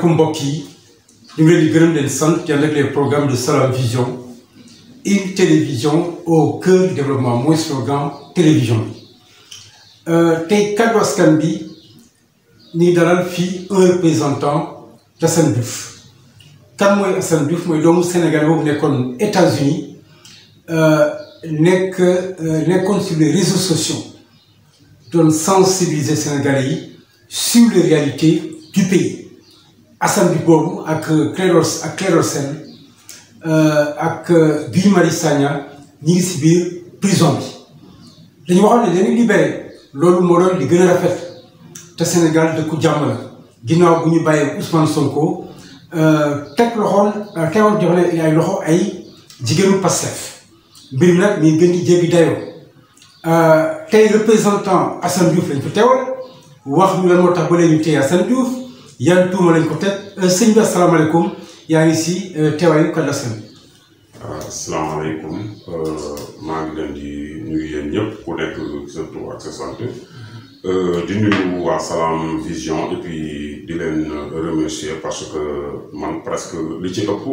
salaamaaleykum mbokk yi ñu ngi leen di gërëm leen les programmes de Salam Vision une télévision au cœur du développement mooy slogan télévision euh, tey kaddu askan bi ni dalal fii un représentant d'Assane Diouf kan mooy Assane Diouf mooy doomu Sénégal boobu nekkoon États-Unis euh, nekk euh, nekkoon sur les réseaux sociaux doon sensibiliser Sénégalais sur les réalités du pays Assane bi boobu ak Clédor ak Clédor Sène euh, ak euh, Guy Marius Sagna ñi ngi si biir prison bi dañu waxoon ne dañu libéré loolu moo doon li gën a rafet te Sénégal dëkku jàmm la ginnaaw bu ñu bàyyee Ousmane Sonko euh, teg loxoon teewoon jox ay loxo ay jigéenu Pastef mbir mi nag mi gën di jéggi dayoo tey représentant Assane Diouf lañ fa teewal wax ñu lan moo tax ba léegi ñu téye Assane yan tuuma ko teg euh, sëñ bi asalaamaaleykum yaa ngi si euh, teewaayu Kër euh, maa ngi leen di nuyu yéen ñëpp ku nekk sa tur ak sa di nuyu waa Salam Vision et di leen remercier parce que man presque li ci ëpp bu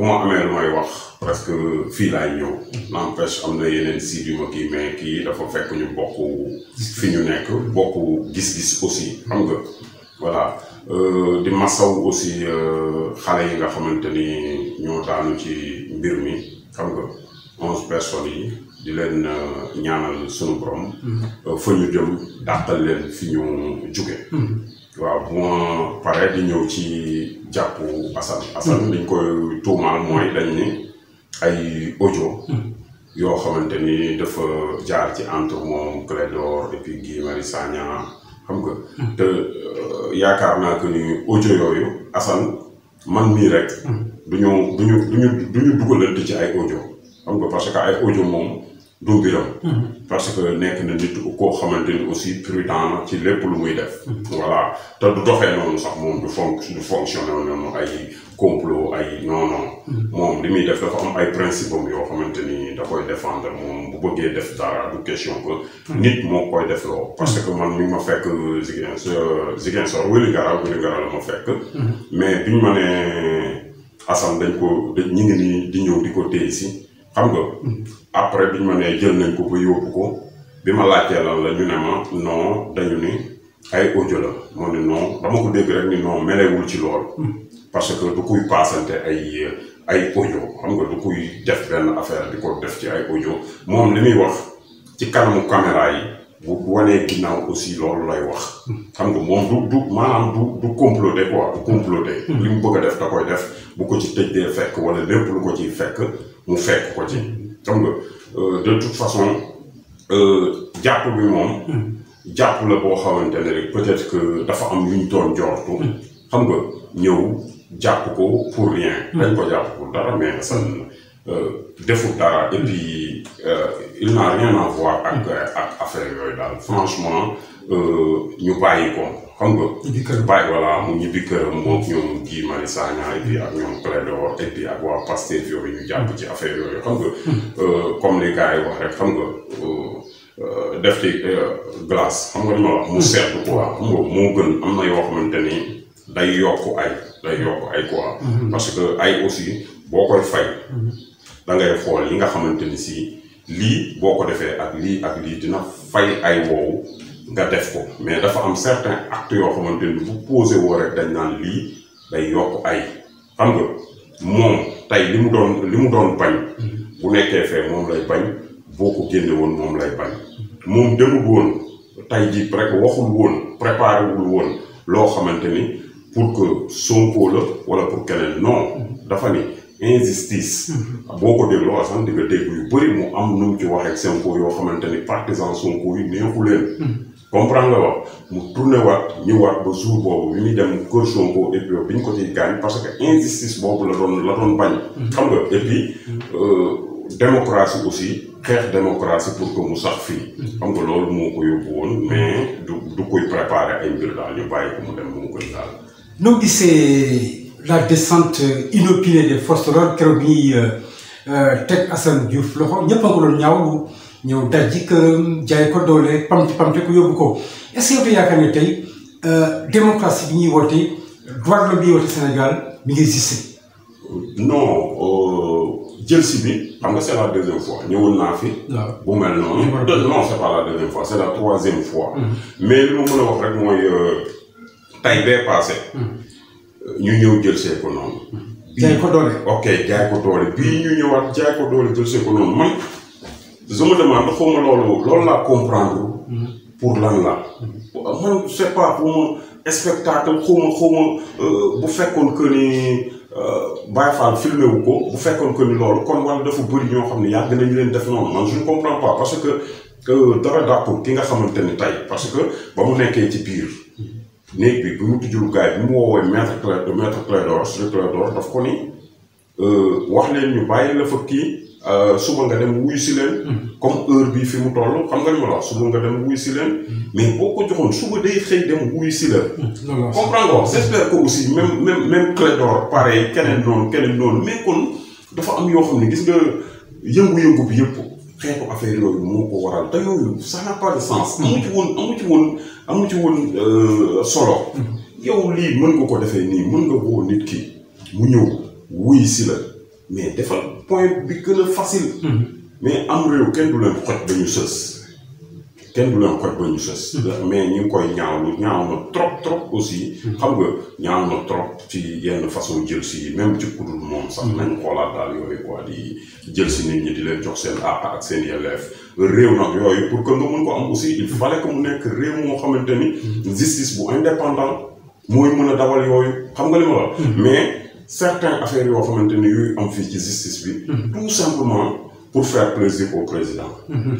ma amee lu may wax presque fii laay ñëw n'empêche am na yeneen sites yu kii mais kii dafa fekk ñu bokk fi ñu nekk bokk gis-gis aussi xam nga. voilà euh, di masaw aussi euh, xale yi nga xamante ni ñoo daanu ci mbir mi xam nga onze personnes yi di leen euh, ñaanal sunu borom. Mm-hmm. fa ñu jëm dàqal leen fi ñu jóge mm-hmm. waaw bu ma paree di ñëw ci jàpp Assane Assane liñ mm-hmm. koy tuumaal mooy dañ ni ay audio yoo xamante ni dafa jaar ci entre moom Clédor et puis Guy Marius Sagna xam nga. te euh, yaakaar naa que ni audio yooyu Assane man mii rek. du ñu du ñu du ñu du ñu ci ay audio xam nga parce que ay audio moom du mbiram. parce que nekk na nit koo xamante ni aussi prudent ci lépp lu muy def. Mm-hmm. voilà te du doxee noonu sax moom du fon du fonctionné noonu ay. complot ay non non. Mm. moom li muy def dafa am ay principe am yoo xamante ni da koy défendre moom bu bëggee def dara du question que. Mm. nit moo koy def loo. Mm. parce que man mi ma fekk Ziguin Ziguinchor Wélingara Wélingara la ma fekk. mais biñ ma nee Assane dañ ko dañ ñu ngi di ñëw di ko téye si xam nga. après biñ ma nee jël nañ ko ba yóbbu ko bi ma laajtee lan la ñu ne ma non dañu ni ay audio la ma ne non dama ko dégg rek ni non melewul ci lool. parce que du kuy paasante ay ay xam nga du kuy def benn affaire di ko def ci ay audio moom li muy wax ci kanamu caméra bu wanee ginnaaw aussi loolu lay wax xam nga moom du du maanaam du du comploter du comploter li mu bëgg a def da koy def bu ko ci tëj dee fekk wala lépp lu ko ciy fekk mu fekk ko ci xam nga euh, de toute façon euh, jàpp bi moom jàpp la boo xamante ne rek peut-être que dafa am yu ñu doon joortu xam nga ñëw jàpp ko pour rien. dañ hmm. ko jàpp pour dara mais Assane euh, deful dara et euh, il n'a rien à voir ak hmm. affaire yooyu daal franchement euh, ñu bàyyi ko xam nga. ñibbi kër bàyyi voilà mu ñibbi këram moom ñoom Guy Marius Sagna et puis ak ñoom Clédor et puis ak waa Pastef yooyu ñu jàpp ci affaire yooyu xam nga. Hmm. comme les gars wax rek xam nga. def ci glace xam nga li ma wax mu seetlu quoi xam nga moo gën am na yoo xamante ni day yokk ay. day yokk ay quoi. Mm-hmm. parce que ay aussi boo koy fay. Mm-hmm. da ngay xool li nga xamante ni si lii boo ko defee ak lii ak lii dina fay ay woowu nga def ko mais dafa am certains actes yoo xamante ni bu posé woo rek dañ naan lii day yokk ay xam nga moom tey li mu doon li mu doon bañ. Mm-hmm. bu nekkee fee moom lay bañ boo ko génne moom lay bañ moom demul woon tey jii rek waxul woon préparé woon loo xamante ni. pour que Sonko la wala pour keneen non dafa ni injustice mm-hmm. boo ko dégloo asan nga dégg yu bëri mu am nu mu ci waxee Sonko yoo xamante ni partisan Sonko yi neexu leen mm-hmm. comprendre nga wax mu tourné waat ñëwaat ba jour boobu bi muy dem kër Sonko et bi ñu ko ciy gaañ parce que injustice boobu la doon la doon bañ mm-hmm. xam nga et puis euh, démocratie aussi xeex démocratie pour que mu sax fii xam nga loolu moo ko yóbbu woon mais du du koy préparer ay mbir daal ñu bàyyi noo gisee la descente inopinée des forces de l'ordre keroog ñuy euh, euh, teg Assane Diouf loxo ñëpp a ñaawlu ñëw dajji këram jaay ko doole pamti pamti ko yóbbu ko est-ce yaakaar ne tey euh, démocratie bi ñuy woote droit la bi woote Sénégal mi ngi existé. non jël si bi xam nga c'est la deuxième fois ñëwoon naa fi. bu mel noonu. non c'est pas la deuxième fois c'est la troisième fois. Mm-hmm. mais li ma mën a wax rek mooy. tay bee passé. Hmm. ñu ñëw jël see ko noonu. jaay ko doole ok jaay ko doole bii ñu ñëwaat jaay ko doole jël see ko noonu man je me demande xaw ma loolu loolu laa comprendre. Hmm. pour lan la. Hmm. man je pas pour ma spectacle xaw ma euh, bu fekkoon que ni. Euh, Baye Fall filmé wu ko bu fekkoon que ni loolu kon wala dafa bëri ñoo xam ne yàgg nañu leen def noonu man je ne comprends pas parce que euh, dara dàqul ki nga xamante ni tey parce que ba mu nekkee ci biir. néeg bi bi mu tijjul gars yi bi mu woowee maître clé euh, maître clé d'or sur clé d'or daf ko ni euh, wax leen ñu bàyyi la fa kii euh, suba nga dem wuyu si leen. Mm-hmm. comme heure bii fi mu toll xam nga li ma la suba nga dem wuyu si leen. Mm-hmm. mais boo ko joxoon suba day xëy dem wuyu si mm-hmm. la loolu comprendre nga j'espère que aussi même même même clé d'or pareil keneen noonu keneen noonu mais kon dafa am yoo xam ne gis nga yëngu-yëngu bi yëpp. xeetu affaire yooyu moo ko waral te yooyu ça n'a pas de sens. amu woon amu woon amu woon euh, solo. Mm-hmm. yow lii mën nga ko defee nii mën nga woo nit ki mu ñëw wuy si la mais defal point bi gën a facile. Mm-hmm. mais am réew kenn du leen xoj ba ñu sës. kenn du leen ba ñu fës. Mm-hmm. mais ñu ngi koy ñaawlu ñaaw na trop trop aussi. Mm-hmm. xam nga ñaaw na trop ci yenn façon jël si même ci kudul moom sax mm-hmm. nañ xoolaat daal yooyu quoi di jël si nit ñi di leen jox seen àq ak seen yelleef réew nag yooyu pour que nga mën ko am aussi il fallait que mu nekk réew moo xamante ni. justice bu indépendant mooy mën a dawal yooyu xam nga li ma la. mais certains affaires yoo xamante ni yooyu am fii ci justice bi. tout simplement. pour faire plaisir président.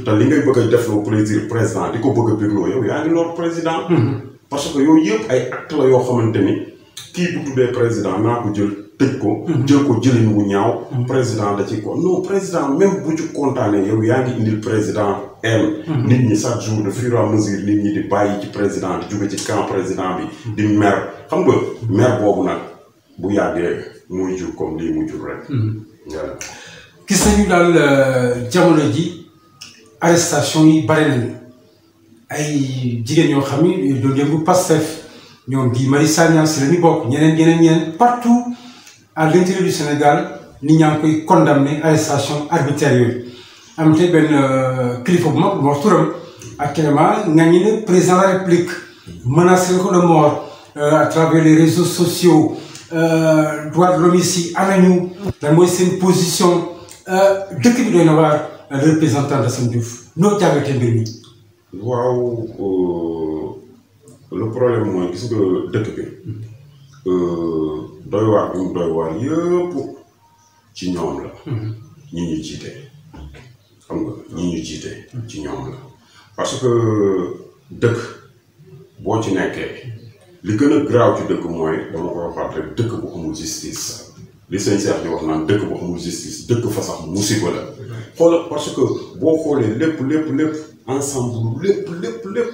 te li ngay bëgg a defloo plaisir président di ko bëgg a bégloo yow yaa ngi lor président. parce que yooyu yëpp ay acte la yoo xamante ni kii bu tuddee président naa ko jël tëj ko. jël ko jëlin wu ñaaw. président da ci ko non président même bu ci kontaanee yow yaa ngi indil président elle. nit ñi chaque jour de fur et à mesure nit ñi di bàyyi ci président di ci camp président bi. di mer xam nga mer boobu nag bu yàggee muy jur comme lii mu gis nañu daal euh, jamono ji arrestation yi bare nañu ay jigéen yoo xam ni doon yëngu Pastef ñoom di Mari Sagna si la bokk ñeneen ñeneen ñeneen partout à l'intérieur du Sénégal nit ñaa ngi koy condamné arrestation arbitraire yooyu am te benn euh, kilifa bu mag bu ma wax turam actuellement nga ñu ne président de la République menacé ko euh, les réseaux sociaux droits Euh, dëkk bi doy na waar euh, représentant Assane Diouf noo jàngatee mbir mi. waaw euh, le problème mooy gis nga dëkk bi doy waar bi yëpp ci ñoom la. Mm-hmm. ñi ñu jiite xam ñu jiite. ci ñoom la parce que dëkk boo ci nekkee li gën a graaw ci dëkk mooy dama ko waxaat rek dëkk bu amul justice. li sëñ Cheikh di wax naan dëkk boo xamul justice dëkk fa sax musiba la xool parce que boo xoolee lépp lépp lépp ensemble lépp lépp lépp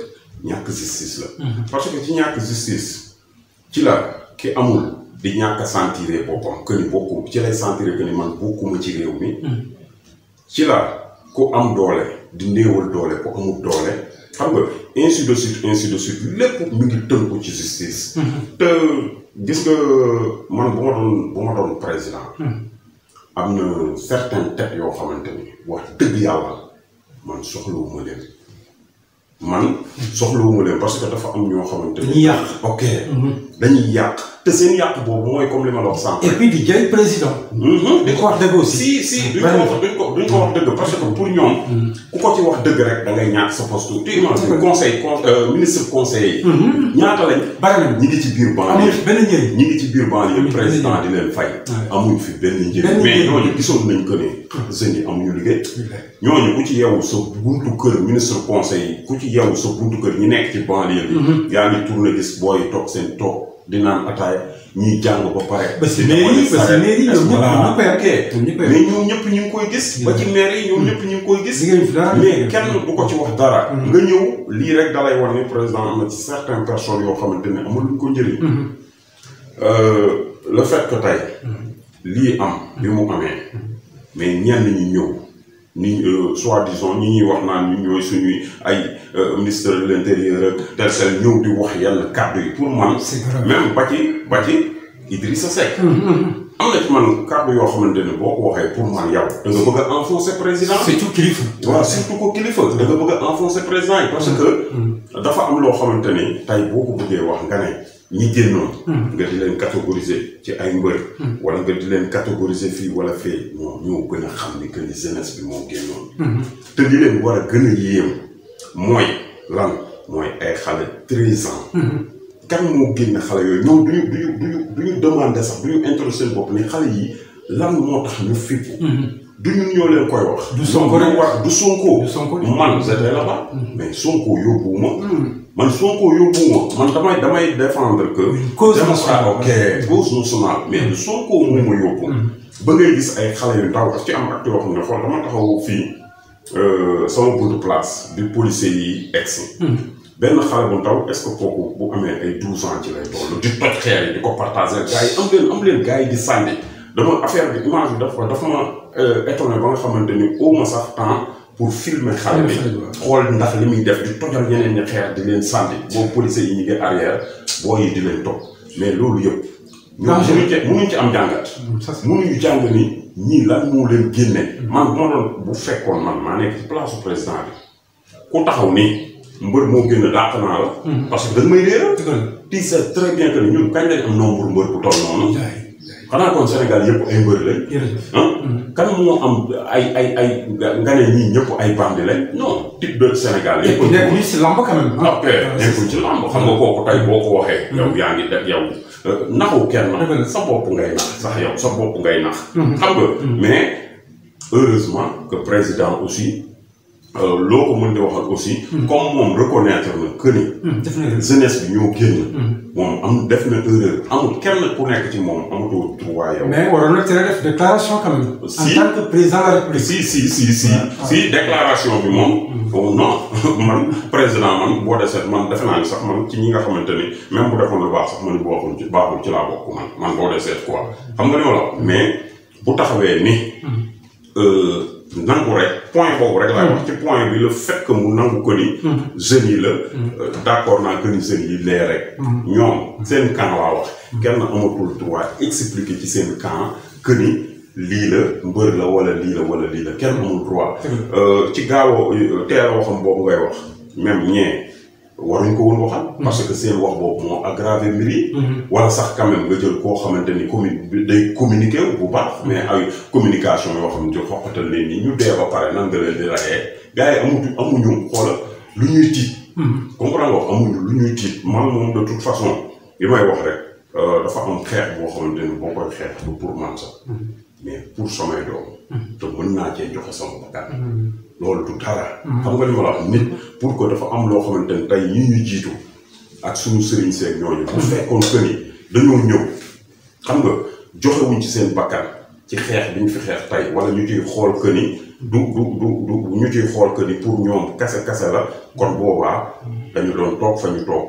ñàkk justice la mhm. parce que ci ñàkk justice ci la ki amul di ñàkk a sentiré boppam que ni ci lay sentiré que man bokkuma ci réew mi mhm. ci la ku am doole di néewal doole ku amul doole xam nga ainsi de suite ainsi de suite lépp mu ngi tënku ci justice mhm. te gis nga man bu ma doon bu ma doon président. Hmm. am na certaines têtes yoo xamante ni wax dëgg yàlla man soxlawuma leen. man hmm. soxlawuma leen parce que dafa am ñoo xamante ni. yàq ok. Hmm. dañuy yàq. te seen yàq boobu mooy comme li ma la wax sànq. et di jël président. Mhm. di ko wax dëgg aussi. si si duñ ko wax dëgg parce que pour ñoom. Mhm. ku ko ci wax dëgg rek da ngay ñàkk sa poste. tu imagines mhm. conseil con euh, ministre conseiller. ñaata lañ. bari na ñi ngi ci biir banlieue. amuñ benn njëriñ ñi ngi ci biir banlieue président di leen fay. amuñ fi benn njëriñ. mais ñooñu gisoon nañ que ne. Ah. jeunes yi amuñu liggéey. ñooñu ku ci yeewu sa buntu kër ministre conseil ku ci yeewu sa buntu kër ñi nekk ci banlieue bi. yaa ngi tourné gis booy toog seen toog di naan ataaya ñuy jàng ba pare. parce que ñëpp ñu koy ñu koy gis. ba ci maire yi ñoom ñëpp ñu koy gis. mais kenn du ko ci wax dara. Mm-hmm. nga ñëw lii rek da lay wan président am na ci certaines personnes yoo xamante ne amul luñ ko njëriñ. Mm-hmm. Euh, le fait que mm-hmm. lii am bi mu amee. mais ñenn ñi ñëw. ni euh, soi-disant ñu ñuy wax naan ñu ñooy suñuy ay euh, ministre de l'intérieur ak tel tel ñëw di wax yenn kàddu yi pour man. même ba ci ba ci Idrissa Seck. Mm-hmm. am na ci man kàddu yoo xamante ne boo ko waxee pour man yow. da bëgg a enfoncer président. surtout kilifa. waaw surtout ko kilifa. da bëgg enfoncer président yi. parce que mm-hmm. dafa am loo xamante ni tey boo ko bëggee wax nga ne. ñi génnoon. Hmm. nga di leen catégoriser ci ay mbër. Hmm. wala nga di leen catégoriser fii wala fee ñoo ñoo gën a xam ni que ni jeunesse bi moo génnoon. Hmm. te di leen war a gën a yéem mooy lan mooy ay xale treize ans. kan moo génn xale yooyu ñoom du ñu du ñu du ñu du sax du ñu introduire bopp ni xale yi lan moo tax ñu fippu. du ñun ñoo leen koy wax. du Sonko man j'étais là-bas. Mm. mais Sonko yóbbuwuma. Mm. man Sonko yóbbuwuma man damay damay que. cause nationale mm. ok ma yóbbu. ba ngay gis ay xale yu ndaw daf ci am ak xam ne xool dama taxaw fii euh, sama buntu place bi policier yi egg benn xale bu ndaw est-ce que bu amee ay douze ans ci lay toll di toj xeer yi di ko partager am leen am leen gars di sànni dama affaire bi image dafa dafa ma. Euh, étonné ba nga xamante ni au moins sax temps pour filmer xale bi xool ndax li muy def di tojal yeneen ñi xeer di leen sànni boo police yi ñu ngi arrière boo yi di leen topp mais loolu yëpp ñoom mënuñ ci mënuñ ci am jàngat jàng ni ñii lan moo leen génne mm. man bu ma doon bu fekkoon man maa nekk ci place président bi ku taxaw nii mbër moo génn dàq naa la mm. parce que da nga may réeral ti c'est très bien que ni ñun kañ lañ am nombre mbër bu toll noonu xanaa kon Sénégal yëpp ay mbër lañ. ah mm-hmm. kan am ay nga ne ñii ñëpp ay bandi lañ. non type de Sénégal yëpp. nekkuñ ci lamb quand même. ah, ah ci lamb xam nga mm-hmm. kooku tey boo ko waxee. Mm-hmm. yaa ngi def yow euh, naxu kenn sa bopp ngay nax sax yow sa bopp ngay nax. xam nga mais heureusement que président aussi. Euh, loo ko mën di waxal aussi. Hmm. comme moom reconnaître na que ni. Hmm, bi ñoo génn. Hmm. moom am def na erreur amul kenn ku nekk ci moom amatoo droit yow. si de la République. si si si si si déclaration bi moom. bon non man président man boo deseet man defe sax man ci ñi nga xamante ni même bu defoon lu baax sax man baaxul ci baaxul ci laa bokk man man boo deseet quoi xam nga li ma la mais bu taxawee ni. Euh, nan point boobu rek laay wax hmm. ci point bi le fait mu nangu ko ni hmm. jeunes yi la hmm. euh, d'accord naa que ni jeunes yi lee rek ñoom seen camp laa wax kenn amatul droit expliquer ci seen camp que lii la mbër la wala lii la wala lii la kenn amul droit euh, ci gaaw a teel a waxam wax même ñee waruñ ko woon waxal. Mm-hmm. parce que seen wax boobu moo aggravé mbir yi. Mm-hmm. wala sax quand nga jël koo xamante ni commune bi day communiqué bu baax. mais ay communication yoo xam ne xoqatal leen ni ñu dee ba pare nan nga leen di rayee gars yi amuñu amuñu xoolal lu ñuy tiit. Mm-hmm. comprendre nga wax amuñu lu ñuy tiit man moom de toute façon li may wax rek euh, dafa am xeex boo xamante ni boo koy xeex du pour man sax. mais pour samay doom. Mm-hmm. te mën naa cee joxe sama bakkan. Mm-hmm. loolu du dara. Mm-hmm. xam nga li ma la wax nit pour ko dafa am loo xamante ne tey ñu jiitu ak suñu sëriñ seeg ñooñu. bu fekkoon que dañoo ñëw xam nga joxewuñ ci seen bakkan ci xeex bi ñu fi xeex tey wala ñu ciy xool que du du du ñu ciy xool que ni pour ñoom kase kase la kon boobaa dañu doon toog fa ñu toog.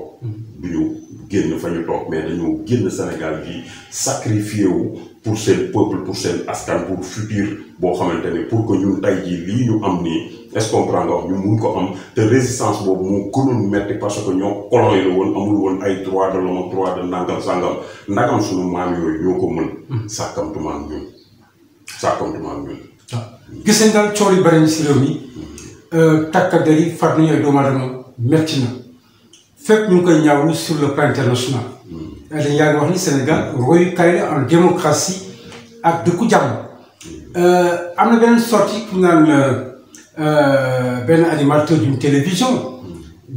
du ñu génn fa ñu toog mais dañoo génn Sénégal bi sacrifié wu. pour seen peuple pour seen askan pour futur boo xamante ne pour que ñun tey jii lii ñu am ni est-ce qu'on comprend nga wax ñu mun ko am te résistance boobu moo gënoon metti parce que ñoo colon yi la woon amul woon ay droit de l'homme droit de nangam sangam ndagam suñu maam yooyu ñoo ko mën sàkkamtumaan hmm. ñun sàkkamtumaan ñun ah. gis nañ daal coor yi bari na si réew mi hmm. euh, takk-der far nañu ay doomu aadama metti na fépp ñu ngi koy ñaawlu sur le plan international Euh, dañ yàgg wax ni Sénégal royukaay la en démocratie ak dëkku jàmm euh, am na beneen sortie ku naan euh, benn animateur d'une télévision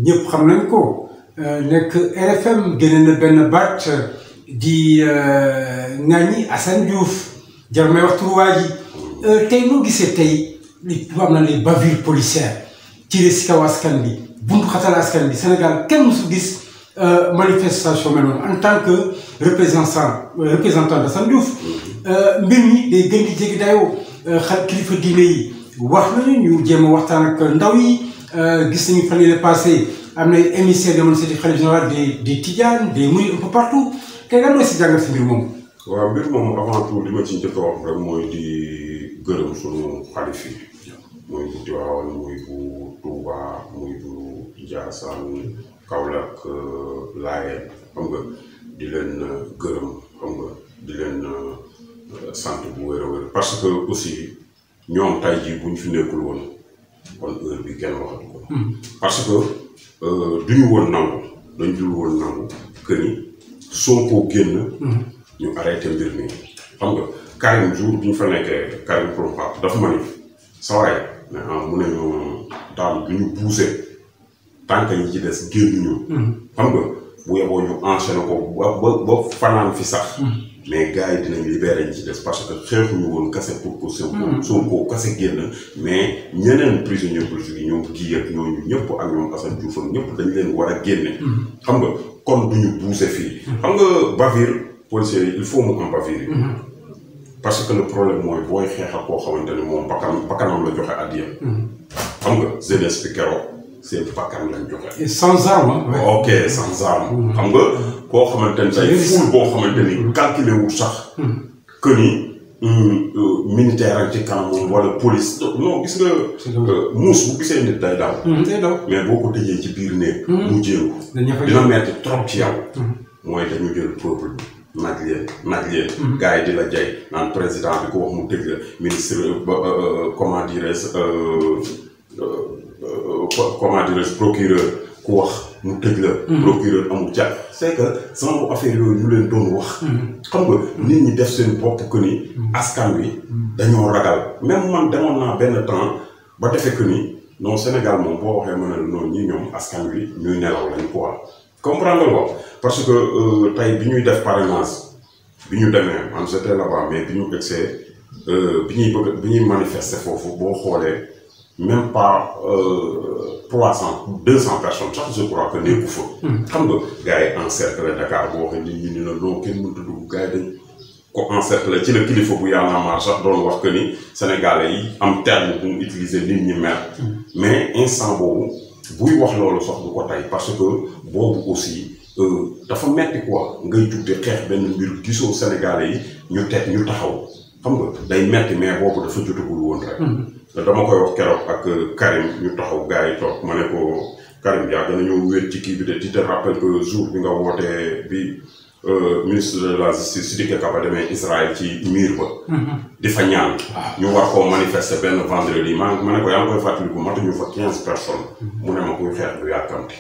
ñëpp xam nañ ko nekk RFM génne na benn baat di ŋàññi Assane Diouf jar may wax turuwaa ji tey noo gisee tey li tubaab na les bavures policières ci si kaw askan bi buntu xatal askan bi Sénégal kenn musu gis Euh, manifestation mel noonu en tant que représentant représentant Assane Diouf mhm. euh, mbir mi day gën di jéggi euh, kilifa diine yi wax nañu ñu jéem a waxtaan ak ndaw yi gis nañu fan yii passé am na émissaire demoon seeti xalifa général des des Tidiane des Mourides un peu partout te lan mooy si jàngat si mbir moomu. waaw mbir moomu avant tout li ma ci njëkk a wax rek mooy di gërëm sunu xalif yi. muy bu Tiwaawan muy bu Touba Kaolack euh, laayeen xam nga di leen euh, gërëm xam nga di leen euh, sant bu wér a wér parce que aussi ñoom tay jii bu ñu fi nekkul woon kon heure bi kenn waxatu ko. Hmm. parce que du ñu woon nangu dañ dul woon nangu que ni Sonko génn. Hmm. ñu arrêté mbir mi xam nga Karim jour bi fa nekkee Karim Prompart dafa ma ni sa waay mais ah, mu ñu daal du ñu buuse. tànk yi ci des génn ñu. Hmm. xam nga bu yeboo ñu enchaîné ko ba ba ba fanaan fi sax. Hmm. mais gars yi dinañ libéré ñi ci des parce que xeexuñu woon kase pour que. Hmm. Sonko kase génn. mais ñeneen prisonniers politiques yi ñoom kii ak ñooñu ñëpp ak ñoom Assane Diouf ñëpp dañ leen war a génne. xam nga kon du ñu buuse fii. xam nga bavure policier il faut mu am bavure parce que le problème mooy booy xeex ak koo xamante ne moom bakkanam bakkanam la joxe addiya. xam nga jeunesse bi keroog. seen bakkan lañ joxe. sans arme. ok sans arme. Mm-hmm. xam nga koo xamante ne tey ful boo xamante ni mm-hmm. calculé sax. Mm-hmm. que ni euh, militaire ak ci kanam wala police. non gis nga. Euh, muus bu gisee nit day daw. mais boo ko tëjee ci biir néeg. mu jéego. dina metti trop ci yow. mooy dañu jël peuple bi. naaj leen naaj leen. gars di la jay naan président bi ko wax mu dëgg ministre euh, comment Euh, euh, comment dirais-je procureur ku wax mu tëj la. Mm-hmm. procureur amul jàpp. c'est que sama affaire yooyu ñu leen doon wax. Mm-hmm. xam nga mm-hmm. nit ñi def seen bopp que ni. askan wi dañoo ragal. même man demoon naa benn temps ba defe que ni Sénégal moom boo waxee ma ne la non ñoom askan wi ñuy nelaw lañu quoi. comprendre nga ko parce que euh, tey bi ñuy def parrainage bi ñu demee man j'étais là mais bi ñu egsee bi ñuy bëgg bi ñuy manifester foofu boo xoolee. même pas trois euh, cent deux cent personnes sax je crois que nekku fa. Hmm. xam nga gars yi encerclé Dakar boo waxee nit ñi ni la loo kenn mënut a dugg gars yi dañ ko encerclé ci la kilifa bu yàlla maar sax doon wax que ni sénégalais yi am terme bu mu utiliser nit ñi mer. Hmm. mais instant boobu buy wax loolu sax du ko tey parce que boobu aussi euh, dafa metti quoi ngay jug xeex benn mbir gisoo sénégalais yi ñu teg ñu taxaw. xam nga day metti mais boobu dafa jotagul woon rek. Hmm. dama koy wax keroog ak euh, Karim ñu taxaw gars yi toog ma ne ko Karim yaa gën a ñëw wéet ci kii bi de ti rappel que jour bi nga wootee bi euh, ministre de la justice Sidiki Kaba demee Israël ci miir ba. Hmm. di fa ñaan. Ah. ñu war koo manifester benn vendredi ma ne ko yaa ngi koy fàttaliku matuñu fa quinze personnes. Hmm. mu ne ma kuy xeex du yàkkamti.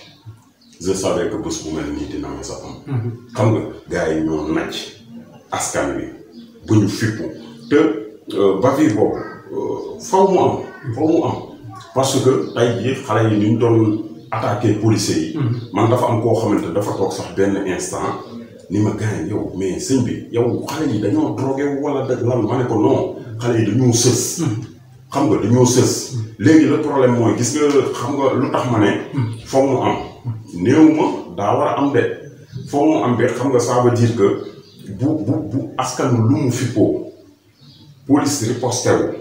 je savais que bés bu mel nii dina ma sa am. xam nga gars ñoo nacc askan te euh, bavure boobu euh, faw mu am faw mu am parce que tey jii xale yi ni doon attaqué policiers yi mhm. man dafa am koo xamante dafa toog sax benn instant ni ma gaañ yow mais sëñ bi yow xale yi dañoo drogué wala da lan ma ne ko non xale yi dañoo sës mhm. xam nga dañoo sës mhm. léegi le problème mooy gis nga xam nga lu tax ma ne faw mu am néew ma daa war a am de faw mu am de xam nga ça veut que bu bu bu askan lu mu fippoo police riposté wu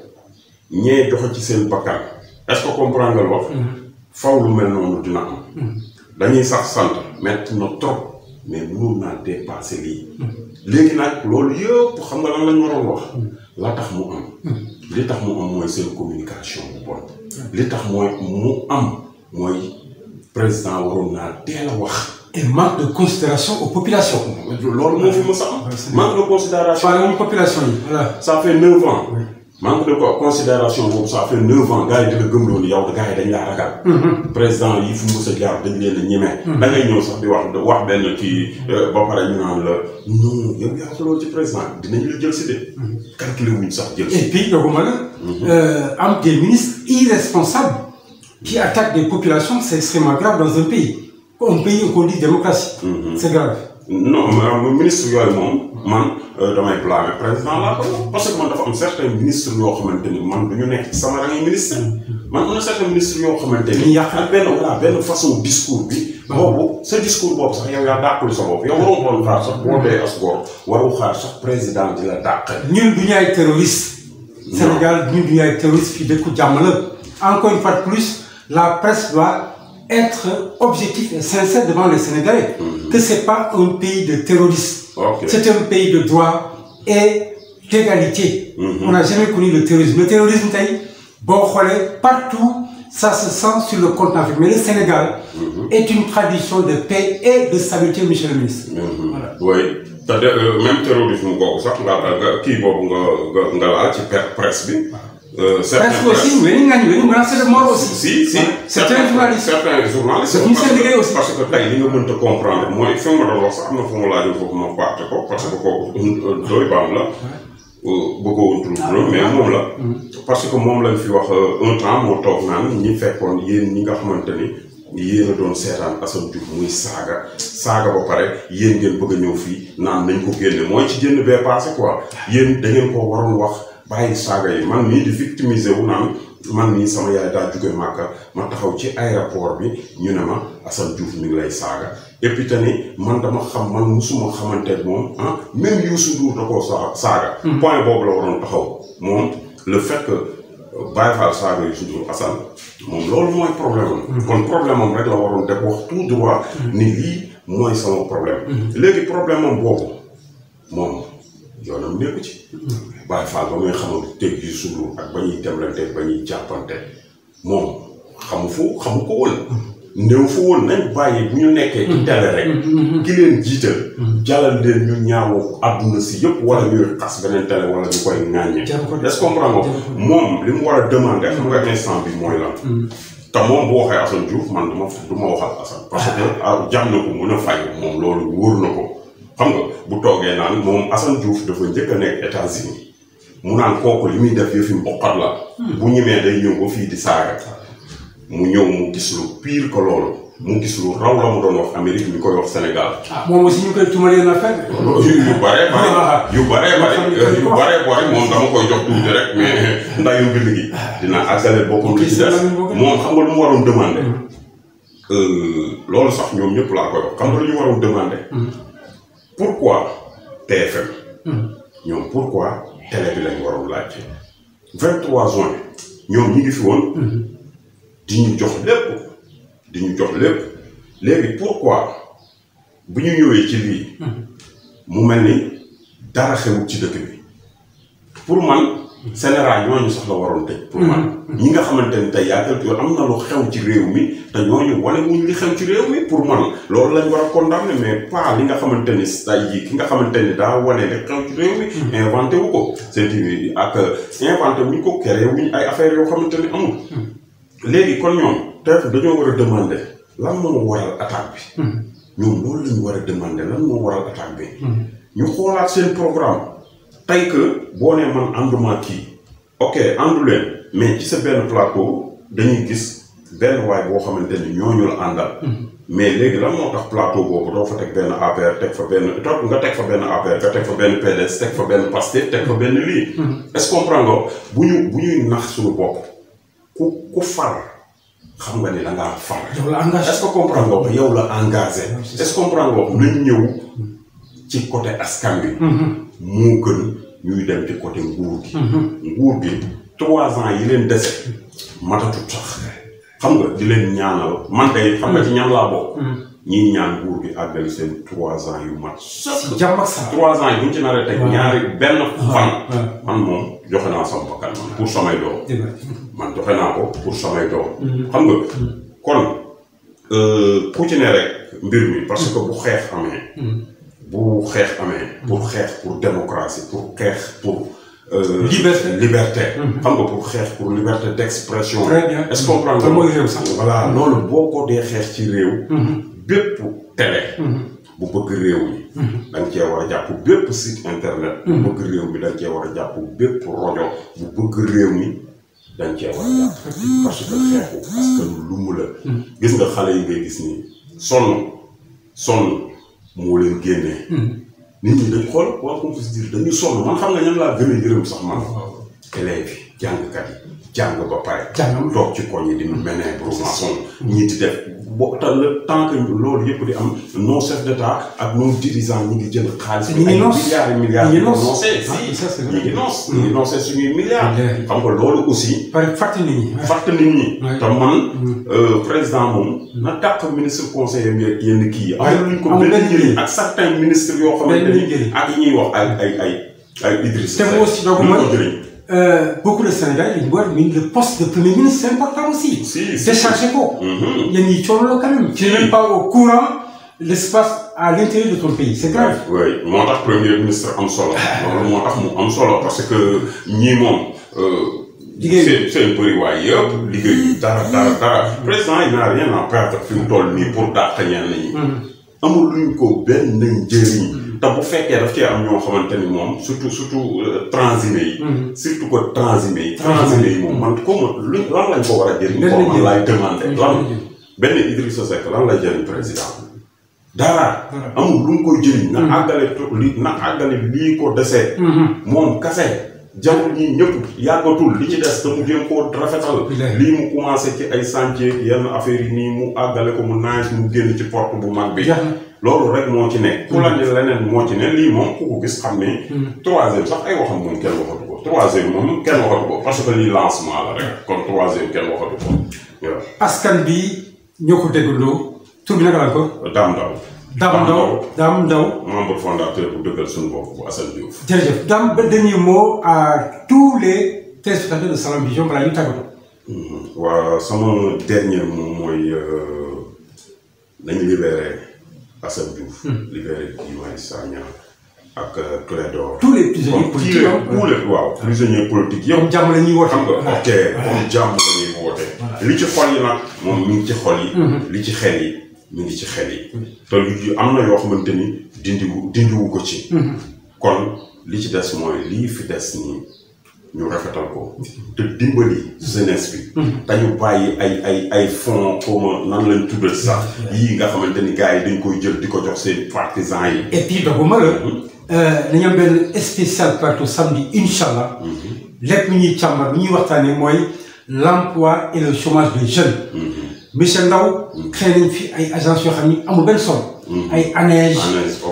ñee dox ci seen bakkan est-ce que nga lu wax. Mhm. faw lu mel noonu dina am. Mhm. dañuy sax sant metti na trop mais mënoon naa dépasser lii. Mhm. léegi nag loolu yëpp xam nga lan lañ waroon wax. la tax mu am. li tax mu am mooy seen communication bu bon. li tax mooy mu am mooy président waroon naa teel a wax. et manque de considération aux populations. loolu moo fi mos a am. Ah, manque de considération. faale population yi manque de considération boobu ça fait neuf ans gars yi di la gëmloo ni yow gars yi mhm. président yi fu mu mos a jaar dañ leen a ñemee. Mhm. da ngay ñëw sax di wax wax benn kii mhm. euh, ba ñu naan la non yow yaa loolu ci président dinañ la jël si de. calculer wuñ sax jël et puis yow ma la. Euh, des ministres irresponsables qui attaquent des populations c'est extrêmement grave dans un pays qu'on dit démocratie. Mhm. c'est grave. non ministre yooyu moom. man euh, damay blâmer président laa ko parce que man dafa am certains ministres yoo xamante ni man du ñu nekk sama rang ministre. man am na certains yoo xamante ni. yàq na benn façon discours bi. boobu sa discours boobu sax yow yaa dàqul sa bopp yow waroo woon mm-hmm. xaar sax président di la dàq. ñun du terroriste. Sénégal ñun du terroriste fii dëkku jàmm la encore une fois de être objectif et sincère devant les Sénégalais, mmh. que c'est pas un pays de terroristes. Okay. C'est un pays de droit et d'égalité. Mmh. On n'a jamais connu le terrorisme. Le terrorisme, bon, partout, ça se sent sur le continent africain. Mais le Sénégal mmh. est une tradition de paix et de stabilité, monsieur le ministre. Mhm. Oui. C'est-à-dire, euh, même terrorisme, Euh, certains aussi wéñi nga ñu wéñi mën a c'est de si si parce que tey nga mënta comprendre mooy fi ma doon wax sax am na fu ma laajoon foofu ma fàtte ko parce que kooku doy baam la. Euh, bëggoon tudd turam ah. mais moom la. Mm. parce que moom lañ fi wax euh, un moo toog naan ñi fekkoon yéen ñi nga xamante ni yéen a doon seetaan Assane Diouf muy saaga saaga ba pare yéen ngeen bëgg a ñëw fii naan nañ ko génne mooy ci jënd bee passé quoi yéen da ngeen waroon wax. bàyyi saaga yi man nii di victimiser wu naan man nii sama yaay daa jóge màkka ma taxaw ci aéroport bi ñu ne ma Assane Diouf mi ngi lay saaga et puis tamit man dama xam man musuma xamante moom ah même Youssou Ndour da sa saaga hmm. point boobu la waroon taxaw moom le fait que Baye Fall saaga Youssou Ndour Assane moom loolu mooy problème hmm. kon problème rek la waroon def wax tout droit hmm. ni lii mooy sama problème léegi problème boobu moom yoonam nekku ci Baye Fall ba muy xamul teg ji suulu ak ba ñuy demlante ba ñuy jàppante moom xamu foo xamu ko woon néew fa woon nañ bàyyi bu ñu nekkee ci télé rek mm-hmm. Mm-hmm. ki leen jiital mm-hmm. jàllal leen ñu ñaawoo àdduna si yëpp wala ñuy xas beneen télé wala ñu koy ŋàññee est-ce moom li mu war a demander xam nga instant bi mooy lan te moom bu waxee Assane Diouf man duma du waxal Assane parce que ah. ah, jam na ko mën a fay moom loolu wóor na ko xam nga bu toogee naan moom Assane mu naan kooku li muy def yëfi mboqat la bu ñemee day ñëw ba fii di saaga mu ñëw mu gis lu pire que loolu mu gis lu raw la mu doon wax Amérique ñu koy wax Sénégal. ah moom aussi yu bare bare yu bare bare euh, yu bare bare moom dama koy jox tuuti rek mais ndayu mbind gi dina àggale boppam li ci des moom xam mu waroon demandé. Mm. Euh, loolu sax ñoom ñëpp laa koy wax xam nga lu ñu waroon demandé. Mm. pourquoi TFM. Mm. ñoom pourquoi. télé bi lañ waroon laaj. 23 juin ñoom ñu ngi fi woon. Mhm. di ñu jox lépp. di ñu jox lépp léegi pourquoi bu ñu ñëwee ci lii. Mhm. mu mel ni dara xewul ci dëkk bi pour man. sénéra ñooñu sax la waroon tëj pour man mm-hmm. ñi nga xamante ni tey am na lu xew ci réew mi te ñooñu wane wuñ li xew ci réew mi pour man loolu lañ war a condamner mais pas li nga xamante ni tay yi ki nga xamante ni daa wane li xew ci réew mi mm-hmm. inventé wu ko cest à ak inventé wuñ ko créé wuñ ay affaires yoo xamante ni amul mm-hmm. léegi kon ñoom tey dañoo war a demander lan moo waral attaque bi ñoom loolu lañu war a demander lan moo waral attaque bi tey que boo nee man ànduma kii ok àndu mais ci sa benn plateau dañuy gis benn waay boo xamante ni àndal. Mm-hmm. mais léegi lan moo tax plateau boobu doo fa teg benn APR teg fa benn toog nga teg fa benn APR nga teg fa benn PDS teg fa benn Pastef teg fa benn lii. Mm-hmm. est-ce que comprendre nga bu ñu bu ñuy nax suñu bopp ku ku far xam nga ni da ngaa far. yow la nga yow la mm-hmm. ñëw ci côté askan wi. moo gën. ñuy dem ci côté nguur gi. Mhm. nguur gi trois ans yi leen dese matatut sax xam nga di leen ñaanal man tey xam nga ci ñaan laa bokk. Mhm. ñii ñaan nguur gi àggali seen trois ans yu mat. si jàmm ak sax trois ans yi bu ñu ci naree teg ñaari benn fan. man moom joxe naa sama man pour samay doom. man joxe naa ko pour samay doom. Mhm. xam nga kon euh, ku ci ne rek mbir mi parce que bu xeex amee. bu xeex amee. pour xeex pour démocratie pour xeex pour. Euh, liberté mhm. xam nga pour xeex pour liberté d' expression. très bien est ce que comprendre nga mooy réew sax. voilà mhm. loolu boo ko dee xeex ci réew. Mhm. bépp télé. bu bëgg réew mi. da nga cee war a jàpp bépp site bu bëgg réew mi da cee war a jàpp bépp rajo bu bëgg réew mi. dañ cee war a jàpp parce que xeexu que lu mu la. gis nga xale yi ngay gis nii sonn sonn. moo leen génnee. Hmm. nit ñi dañ xool waa Confesdire dañuy sonn man xam nga ñan laa gën a yërëm sax man hmm. élèves yi jàngkat jàng ba pare. jàngal toog ci koñ yi di mm-hmm. mener pour maçon mm-hmm. ñii di def boo tal le loolu yëpp di am nos chefs d'État ak nos dirigeants ñu ngi jël xaalis. Ah, ñu ngi noos mm-hmm. ay milliards yi milliards. ñu ngi noos ñu ngi noos ñu ngi noosee xam nga loolu aussi. pare fàtte nit ñi. fàtte man euh, président moom. na dàq ministre conseiller yeeg yenn kii yi. amul luñ ko benn ak yi ñuy wax ay ay ay ay te mu aussi doo ko mën Euh, beaucoup de Sénégalais dañu war le poste de premier ministre c'est important aussi. si si décharger ko. yéen ñii coono la quand même. tu n'es même pas au courant l'espace à l'intérieur de ton pays c'est grave. tax premier ministre am solo. loolu tax mu am solo parce que ñii moom. Euh, liggéey seen seen dara mm-hmm. président il n'a rien à perdre fi mu toll nii pour dàq ñenn ñi. Mm-hmm. amul luñ ko benn te bu fekkee daf ci am ñoo xamante ni moom surtout surtout euh, transhumé yi. Mm-hmm. surtout que transhumé yi. transhumé yi moom man koo ma lan lañ ko war a jëriñ. lan man laay demandé mm-hmm. lan benn Idrissa Seck lan lay jëriñ président. dara amul lu mu koy jëriñ. na mm-hmm. àggale li na àggale lii ko desee. moom kase. jaww ji ñëpp yàggatul li ci des te mu jéem koo rafetal. lii mu commencé ci ay chantier yenn affaire yi nii mu àggale ko mu naaj mu génn ci porte bu mag bi. loolu rek moo ci nekk. Mm-hmm. ne lii moom ku ko gis xam ne. Mm-hmm. troisième sax ay waxam moom kenn waxatu ko troisième moom kenn waxatu ko parce que lii lancement la rek kon troisième kenn waxatu ko waaw. bi ñoo ko déggandoo tur bi naka la ko. Dame Ndao. Dame Ndao Dame Ndao. membre fondateur dernier mot à tous les téléspectateurs de Salam Vision balaa ñu tàggatoo. Mm-hmm. waaw sama dernier mot mooy euh, nañu libéré. Assane Diouf. Hmm. libéré Guy Sagna ak euh, Clédor. tous les prisonniers politiques tous les waaw ah. jàmm la ñuy woote. jàmm la ñuy li ci xol yi nag moom mi ngi ci xol yi. Hmm. li ci xel yi mi ngi ci xel yi. Hmm. te lu am na yoo xamante ni dindi wu ko ci. kon li ci des mooy lii fi des nii. ñu rafetal ko te dimbali jeunesse bi. dañu mm-hmm. bàyyi ay ay ay fonds comme nan lañ tuddal sax yii nga xamante ni gars yi dañ koy jël di ko jox seen partisans yi. et puis doguma la. Mm-hmm. Euh, dañu am benn spécial plateau samedi incha allah. Mm-hmm. lépp lu ñuy càmbar lu ñuy waxtaanee mooy l' emploi et le chômage des jeunes. monsieur Ndao. xëy nañ fi ay agences yoo xam ni amul benn solo. Mm-hmm. ay ANEJ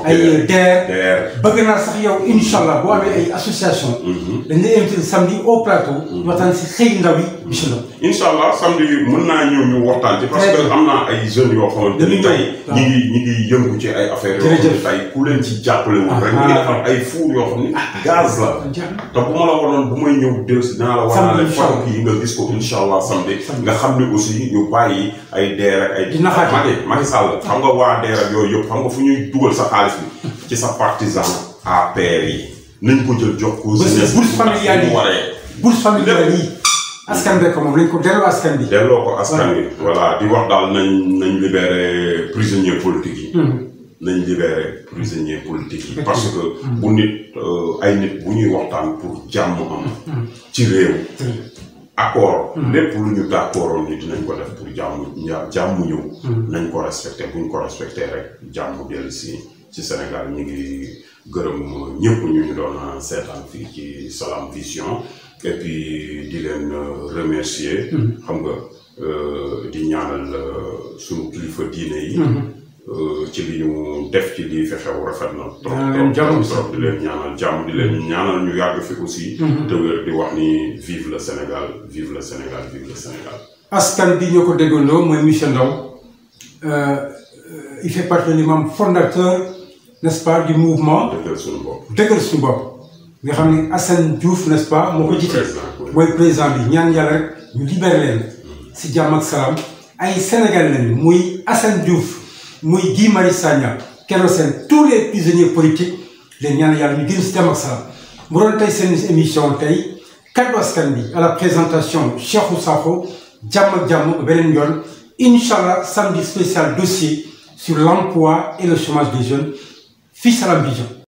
ay euh, DER bëgg naa sax yow incha allah boo ay association mm-hmm. dañ lay invité samedi au plateau mm-hmm. ñu si xëy ndaw yi incha allah naa ñëw ñu waxtaan ci parce que naa ay jeunes yoo xamante ni tey ñi ngi ñi ngi yëngu ku leen ci jàppale woon ah, rek ñu ngi ah. defar ay four yoo xam ne ah, gaz la te bu ma la wanoon bu may ñëw dël si dinaa la wanaale forme yi nga gis ko incha allah samedi nga xam ne aussi ñu bàyyi ay DER ak ay Macky Sall xam nga waa DER yooyu yooyu yëpp fu ñuy dugal sa xaalis bi ci sa partisan a yi nañ ko jël jox ko. jeunesse bourse familiale yi bourse familiale yi askan bi ko moom lañ ko delloo askan bi. delloo ko askan bi voilà di daal nañ nañ libéré prisonnier politique yi. Mhm. nañ libéré prisonnier politique yi. parce que mhm. bu nit euh, ay nit bu ñuy waxtaan pour jàmm am. Mhm. ci réew. accord hmm. lépp lu ñu d'accordoon ni dinañ ko def pour jàmm jàmm ñëw hmm. nañ ko respecté buñ ko respecté rek jàmm dellu si ci Sénégal ñu ngi gërëm ñëpp ñu ñu doon seetaan fii ci Salam Vision et di leen euh, remercier hmm. xam nga euh, di ñaanal euh, suñu kilifa diine yi Euh, ci li ñu def ci lii fi xew rafet na. trop trop trop leen ñaanal jàmm di leen mm-hmm. ñaanal ñu yàgg fi aussi. Mm-hmm. te di wax ni vive le Sénégal vive le Sénégal vive bi ñoo ko déggandoo mooy monsieur Ndao euh, euh, il fait partie des membres fondateurs n'est-ce pas du mouvement. dëggal suñu bopp nga xam ne Assane Diouf n'est-ce pas moo ko jiite. mooy président bi ñaan yàlla rek ñu libéré mm-hmm. si jàmm ak salaam ay Sénégal lañu muy Assane Diouf. muy Guy Marius Sagna keroog seen tous les prisonniers politiques leen ñaan yàlla ñu gën si dem ak salaam mu doon émission tey kaddu askan à la présentation Cheikhou Sakho jàmm ak jàmm beneen yoon incha allah samedi spécial dossier sur l'emploi et le chômage des jeunes fii Salam